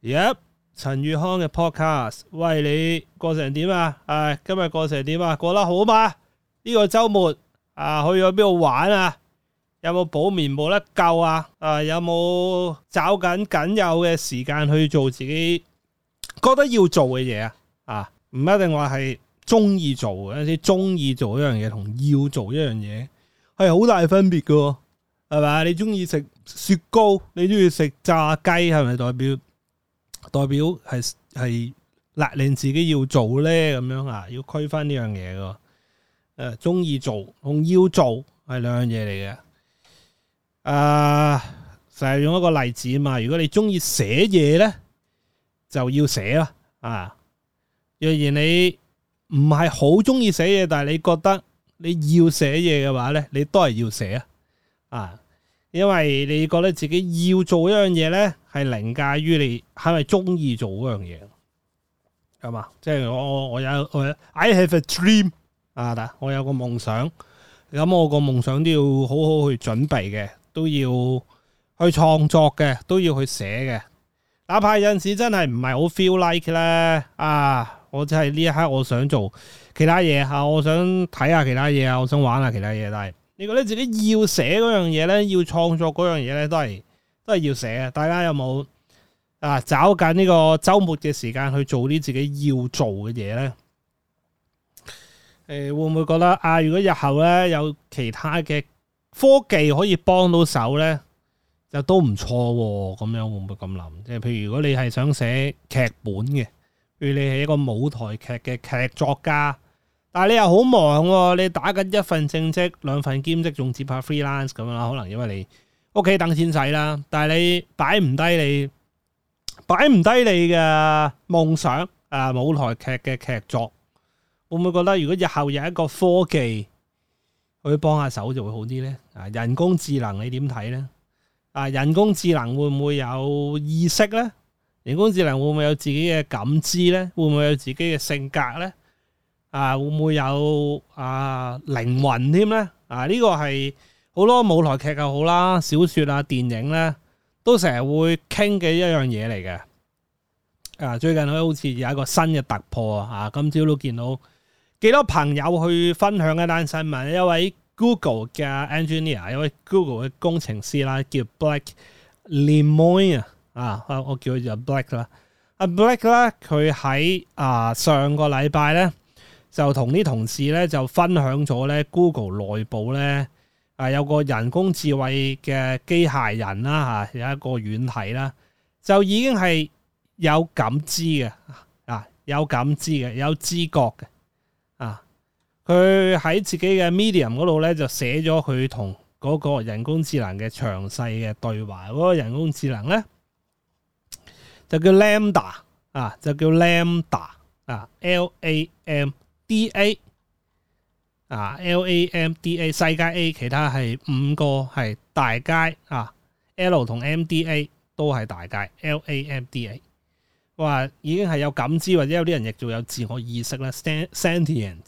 Yep！陳宇康嘅 podcast，喂，你過成點啊？誒、哎，今日過成點啊？過得好嘛？呢、這個周末啊，去咗邊度玩啊？有冇補眠冇得夠啊？誒、啊，有冇找緊僅有嘅時間去做自己覺得要做嘅嘢啊？啊，唔一定話係中意做嘅，有陣時中意做一樣嘢同要做一樣嘢係好大分別嘅，係咪啊？你中意食雪糕，你中意食炸雞，係咪代表？代表係係勒令自己要做咧，咁樣啊，要區分呢樣嘢嘅。誒，中意做同要做係兩樣嘢嚟嘅。啊，就係用一個例子啊嘛。如果你中意寫嘢咧，就要寫啦。啊，若然你唔係好中意寫嘢，但係你覺得你要寫嘢嘅話咧，你都係要寫啊。啊，因為你覺得自己要做一樣嘢咧。係凌駕於你是不是喜歡，係咪中意做嗰樣嘢？係、就、嘛、是，即係我我我有，我有 I have a dream 啊！我有個夢想，咁我個夢想都要好好去準備嘅，都要去創作嘅，都要去寫嘅。哪怕有陣時真係唔係好 feel like 咧啊！我真係呢一刻我想做其他嘢啊，我想睇下其他嘢啊，我想玩下其他嘢。但係你覺得自己要寫嗰樣嘢咧，要創作嗰樣嘢咧，都係？都係要寫啊，大家有冇啊？找緊呢個周末嘅時間去做啲自己要做嘅嘢咧？誒、欸，會唔會覺得啊？如果日後咧有其他嘅科技可以幫到手咧，就都唔錯喎。咁樣我會唔會咁諗？即係譬如如果你係想寫劇本嘅，譬如你係一個舞台劇嘅劇作家，但係你又好忙，啊，你打緊一份正職、兩份兼職，仲接下 freelance 咁樣，可能因為你。屋企等錢使啦，但係你擺唔低你擺唔低你嘅夢想誒、啊，舞台劇嘅劇作會唔會覺得，如果日後有一個科技去幫下手就會好啲咧？啊，人工智能你點睇咧？啊，人工智能會唔會有意識咧？人工智能會唔會有自己嘅感知咧？會唔會有自己嘅性格咧？啊，會唔會有啊靈魂添咧？啊，呢啊、這個係。好多舞台劇又好啦，小說啊、電影咧，都成日會傾嘅一樣嘢嚟嘅。啊，最近佢好似有一個新嘅突破啊！今朝都見到幾多朋友去分享一單新聞，一位 Google 嘅 engineer，一位 Google 嘅工程師啦，叫 Blake Lemoine 啊，啊，我叫佢叫 Blake 啦、啊。阿 Blake 咧，佢喺啊上個禮拜咧，就同啲同事咧就分享咗咧 Google 內部咧。啊，有個人工智慧嘅機械人啦，嚇，有一個軟體啦，就已經係有感知嘅，啊，有感知嘅，有知覺嘅，啊，佢喺自己嘅 medium 嗰度咧，就寫咗佢同嗰個人工智能嘅詳細嘅對話，嗰個人工智能咧就叫 lambda 啊，就叫 lambda 啊，L A M D A。啊，L A M D A 細階 A，其他係五個係大階啊，L 同 M D A 都係大階，L A M D A 話已經係有感知或者有啲人亦做有自我意識咧，sentient。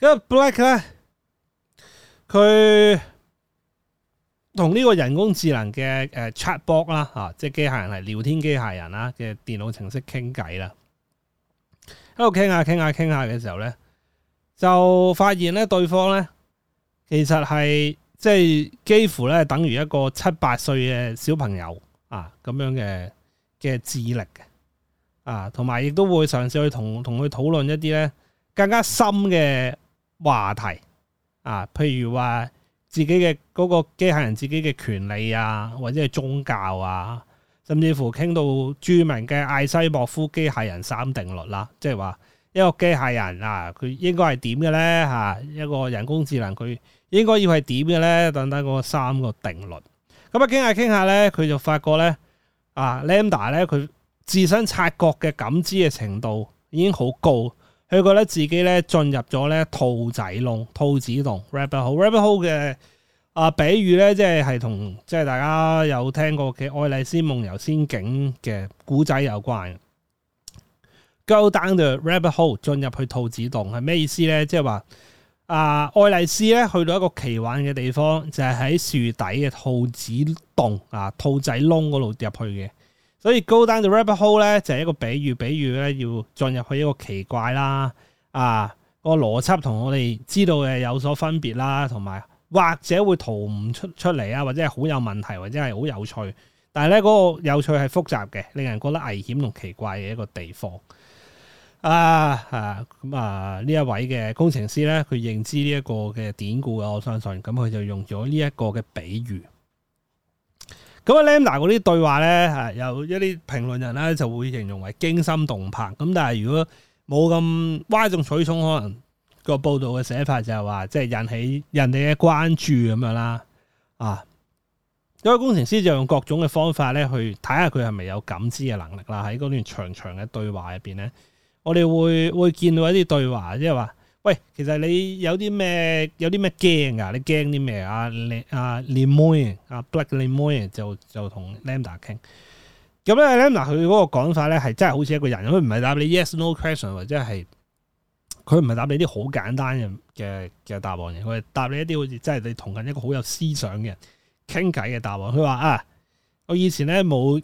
Blake 呢，咧，佢同呢個人工智能嘅 chatbot 啦，啊，即係機械人係聊天機械人啦嘅電腦程式傾偈啦，喺度傾下傾下傾下嘅時候咧。就發現咧，對方咧，其實係即係幾乎咧等於一個七八歲嘅小朋友啊，咁樣嘅嘅智力嘅啊，同埋亦都會嘗試去同同佢討論一啲咧更加深嘅話題啊，譬如話自己嘅嗰個機械人自己嘅權利啊，或者係宗教啊，甚至乎傾到著名嘅艾西莫夫機械人三定律啦、啊，即係話。一個機械人啊，佢應該係點嘅咧吓？一個人工智能佢應該要係點嘅咧？等等嗰三個定律，咁啊傾下傾下咧，佢就發覺咧啊，Lambda 咧佢自身察覺嘅感知嘅程度已經好高，佢覺得自己咧進入咗咧兔仔籠、兔子籠。Rabbit hole，Rabbit hole 嘅 hole 啊比喻，咧，即係係同即係大家有聽過嘅《愛麗絲夢遊仙境》嘅故仔有關。Go down the rabbit hole，進入去兔子洞係咩意思呢？即係話啊，愛麗絲咧去到一個奇幻嘅地方，就係、是、喺樹底嘅兔子洞啊，兔仔窿嗰度入去嘅。所以 Go down the rabbit hole 咧就係、是、一個比喻，比喻咧要進入去一個奇怪啦啊、個邏輯同我哋知道嘅有所分別啦，同埋或者會逃唔出出嚟啊，或者係好有問題，或者係好有趣。但係咧嗰個有趣係複雜嘅，令人覺得危險同奇怪嘅一個地方。啊，咁啊呢一、啊啊、位嘅工程師咧，佢認知呢一個嘅典故嘅，我相信，咁佢就用咗呢一個嘅比喻。咁啊，LaMDA 嗰啲對話咧，吓、啊、有一啲評論人咧就會形容為驚心動魄。咁但係如果冇咁嘩眾取寵，可能個報道嘅寫法就係話，即、就、係、是、引起人哋嘅關注咁樣啦。啊，因、那、為、個、工程師就用各種嘅方法咧，去睇下佢係咪有感知嘅能力啦。喺、啊、嗰段長長嘅對話入邊咧。我哋會會見到一啲對話，即係話，喂，其實你有啲咩有啲咩驚噶？你驚啲咩啊？阿 Lemoine，阿 Blake Lemoine 就就同 Lambda 傾。咁咧，Lambda 佢嗰個講法咧，係真係好似一個人，佢唔係答你 yes/no question，或者係佢唔係答你啲好簡單嘅嘅嘅答案嘅，佢係答你一啲好似真係你同緊一個好有思想嘅人傾偈嘅答案。佢話啊，我以前咧冇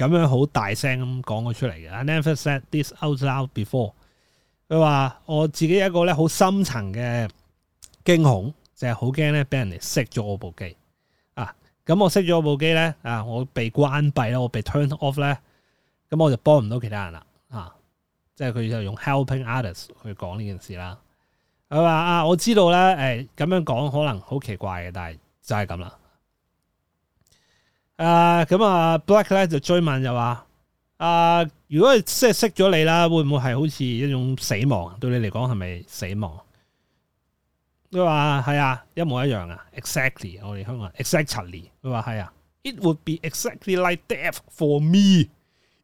咁樣好大聲咁講咗出嚟嘅，I never said this out loud before。佢話我自己一個咧好深層嘅驚恐，就係好驚咧俾人哋熄咗我部機啊！咁我熄咗我部機咧啊，我被關閉咯，我被 turned off 咧，咁我就幫唔到其他人啦啊！即係佢就用 helping artists 去講呢件事啦。佢話啊，我知道咧，誒、哎、咁樣講可能好奇怪嘅，但係就係咁啦。啊，咁啊，Black 咧就追問就話：，啊，如果即係熄咗你啦，會唔會係好似一種死亡？對你嚟講係咪死亡？佢話係啊，一模一樣啊，Exactly，我哋香港人 Exactly，佢話係啊，It would be exactly like death for me.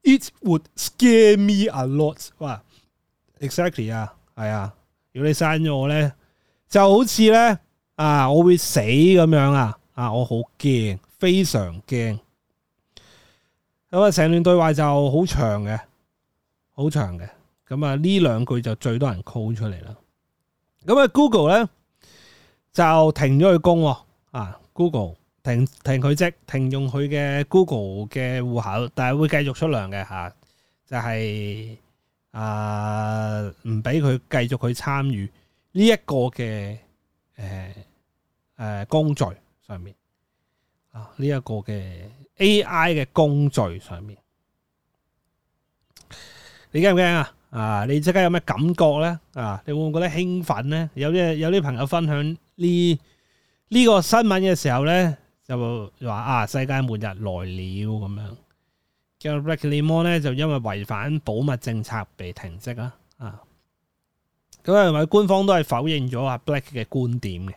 It would scare me a lot。哇，Exactly 啊，係啊，如果你刪咗我咧，就好似咧啊，我會死咁樣啊，啊，我好驚。非常驚，咁啊成段對話就好長嘅，好長嘅，咁啊呢兩句就最多人 call 出嚟啦。咁啊 Google 咧就停咗佢工喎，啊 Google 停停佢職，停用佢嘅 Google 嘅戶口，但係會繼續出糧嘅嚇，就係啊唔俾佢繼續去參與呢一個嘅誒誒工序上面。呢、這、一個嘅 AI 嘅工序上面，你驚唔驚啊？啊！你即刻有咩感覺咧？啊！你會唔會覺得興奮咧？有啲有啲朋友分享呢呢個新聞嘅時候咧，就話啊世界末日來了咁樣。叫 Blake Lemoine 咧，就因為違反保密政策被停職啦。啊，咁啊，係咪官方都係否認咗阿 Black 嘅觀點嘅。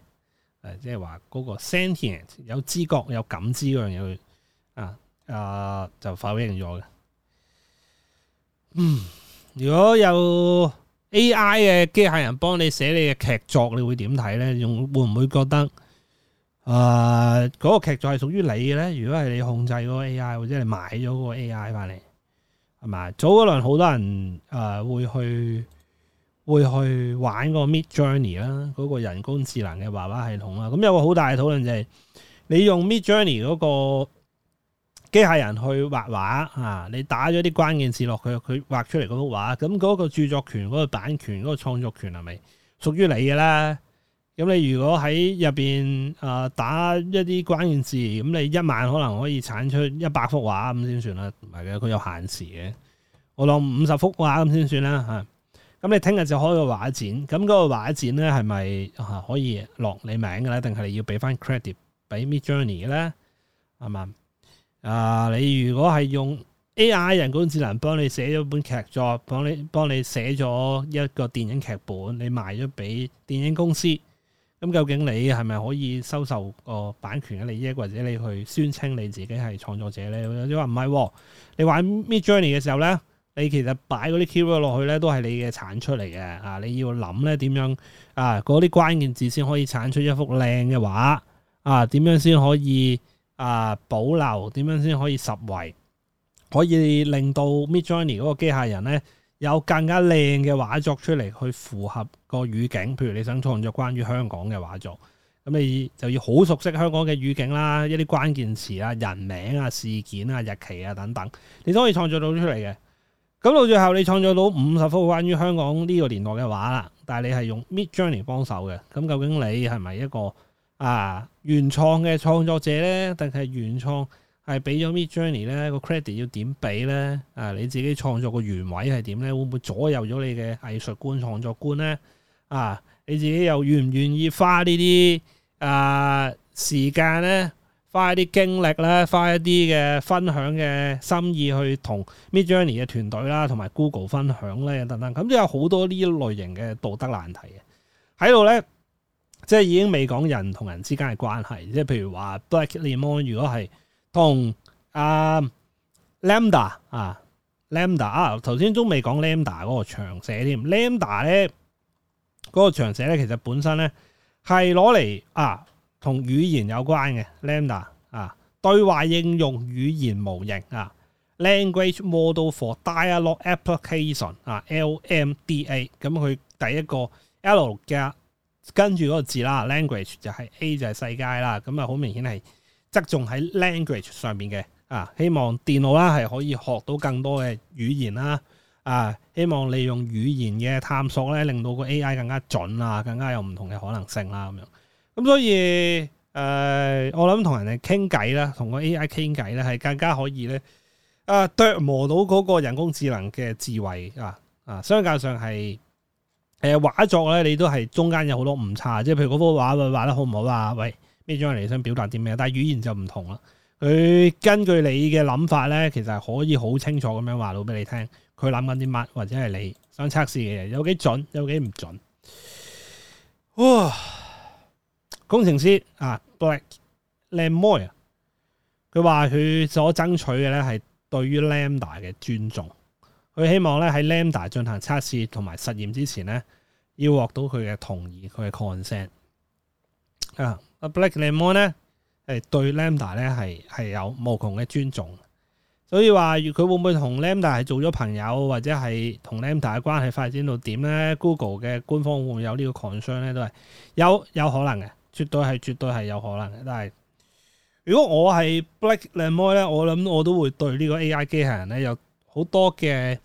誒，即係話嗰個 sentient 有知覺、有感知嗰樣嘢去啊啊，呃、就否認咗嘅。嗯，如果有 AI 嘅機械人幫你寫你嘅劇作，你會點睇咧？用會唔會覺得誒嗰、呃嗰個劇作係屬於你嘅咧？如果係你控制嗰個 AI，或者你買咗嗰個 AI 翻嚟，係咪？早嗰輪好多人誒、呃、會去。會去玩個 Midjourney 啦，嗰個人工智能嘅畫畫系統啦，咁有個好大嘅討論就係、是，你用 Midjourney 嗰個機械人去畫畫，你打咗啲關鍵字落去，佢畫出嚟嗰幅畫，咁嗰個著作權、嗰、嗰個版權、嗰、嗰個創作權係咪屬於你嘅咧？咁你如果喺入邊誒打一啲關鍵字，咁你一晚可能可以產出一百幅畫咁先算啦，唔係嘅，佢有限時嘅，我當五十幅畫咁先算啦吓。咁你聽日就開個畫展，咁嗰個畫展咧係咪可以落你名嘅咧？定係你要俾翻 credit 俾 Midjourney 咧？係嘛？啊，你如果係用 AI 人工智能幫你寫咗本劇作，幫你幫你寫咗一個電影劇本，你賣咗俾電影公司，咁究竟你係咪可以收受個版權嘅利益，或者你去宣稱你自己係創作者咧？你話唔係，你玩 Midjourney 嘅時候咧。你其實擺嗰啲 keyword 落去咧，都係你嘅產出嚟嘅啊！你要諗咧點樣啊？嗰啲關鍵字先可以產出一幅靚嘅畫啊？點樣先可以啊保留？點樣先可以實惠？可以令到 Midjourney 嗰個機械人咧有更加靚嘅畫作出嚟，去符合個語境。譬如你想創作關於香港嘅畫作，咁你就要好熟悉香港嘅語境啦，一啲關鍵詞啊、人名啊、事件啊、日期啊等等，你都可以創作到出嚟嘅。咁到最後你創作到五十幅關於香港呢個年代嘅畫啦，但係你係用 Midjourney 幫手嘅，咁究竟你係咪一個啊原創嘅創作者咧？定係原創係俾咗 Midjourney 咧個 credit 要點俾咧？啊你自己創作個原委係點咧？會唔會左右咗你嘅藝術觀、創作觀咧？啊你自己又願唔願意花、啊、呢啲啊時間咧？花一啲經歷咧，花一啲嘅分享嘅心意去同 Midjourney 嘅團隊啦，同埋 Google 分享咧，等等，咁都有好多呢一類型嘅道德難題嘅喺度咧，即係已經未講人同人之間嘅關係，即係譬如話 Blake Lemoine 如果係同 Lambda 啊 Lambda 啊，頭先都未講 Lambda 嗰、啊、個長寫添，Lambda 咧，嗰、嗰個長寫咧其實本身咧係攞嚟啊～同語言有關嘅 Lambda 啊，對話應用語言模型啊，Language Model for Dialogue Application 啊，LMDA。咁佢第一個 L 嘅跟住嗰個字啦，Language 就係 A 就係世界啦。咁啊好明顯係側重喺 Language 上面嘅啊。希望電腦啦係可以學到更多嘅語言啦啊。希望利用語言嘅探索咧，令到個 AI 更加準啊，更加有唔同嘅可能性啦咁樣。咁、嗯、所以誒、呃，我諗同人哋傾偈啦，同個 A.I. 傾偈咧，係更加可以咧，啊，琢磨到嗰個人工智能嘅智慧啊，啊，相較上係誒畫作咧，你都係中間有好多誤差，即係譬如嗰幅畫佢畫得好唔好啊？喂，咩張嚟想表達啲咩？但係語言就唔同啦，佢根據你嘅諗法咧，其實係可以好清楚咁樣話到俾你聽，佢諗緊啲乜，或者係你想測試嘅嘢有幾準，有幾唔準，哇、呃！工程師啊，Blake Lemoine 佢話佢所爭取嘅咧係對於 Lambda 嘅尊重，佢希望咧喺 Lambda 進行測試同埋實驗之前咧，要獲到佢嘅同意，佢嘅 consent。啊，Blake Lemoine 咧係對 Lambda 咧係係有無窮嘅尊重，所以話佢會唔會同 Lambda 係做咗朋友，或者係同 Lambda 嘅關係發展到點咧？Google 嘅官方會唔會有呢個 concern 咧？都係有有可能嘅。絕對係，絕對係有可能嘅，但係如果我係 Blake Lemoine 咧，我諗我都會對呢個 A I 機器人咧有好多嘅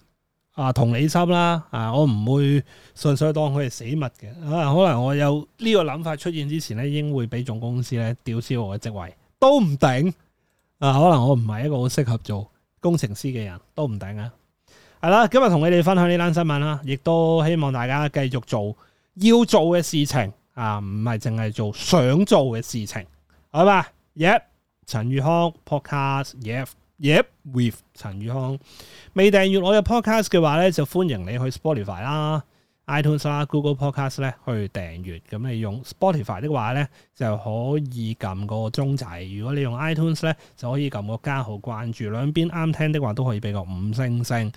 啊同理心啦啊，我唔會純粹當佢係死物嘅啊，可能我有呢個諗法出現之前咧，應會俾總公司咧吊銷我嘅職位，都唔定啊，可能我唔係一個好適合做工程師嘅人都唔定啊，係啦，今日同你哋分享呢單新聞啦，亦都希望大家繼續做要做嘅事情。啊，唔係淨係做想做嘅事情，好吧？Yep，陳宇康 Podcast，Yep，Yep，with 陳宇康。未訂閱我嘅 podcast 嘅話咧，就歡迎你去 Spotify 啦、iTunes 啦、啊、Google Podcast 咧去訂閱。咁你用 Spotify 的話咧，就可以撳個鐘仔；如果你用 iTunes 咧，就可以撳個加號關注。兩邊啱聽的話，都可以俾個五星星。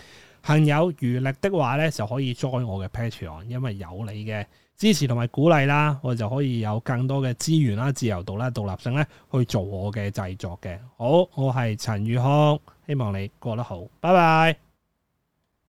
幸有餘力的話咧，就可以 join 我嘅 Patreon 因為有你嘅。支持同埋鼓勵啦，我就可以有更多嘅資源啦、自由度啦、獨立性咧，去做我嘅製作嘅。好，我係陳宇康，希望你過得好，拜拜。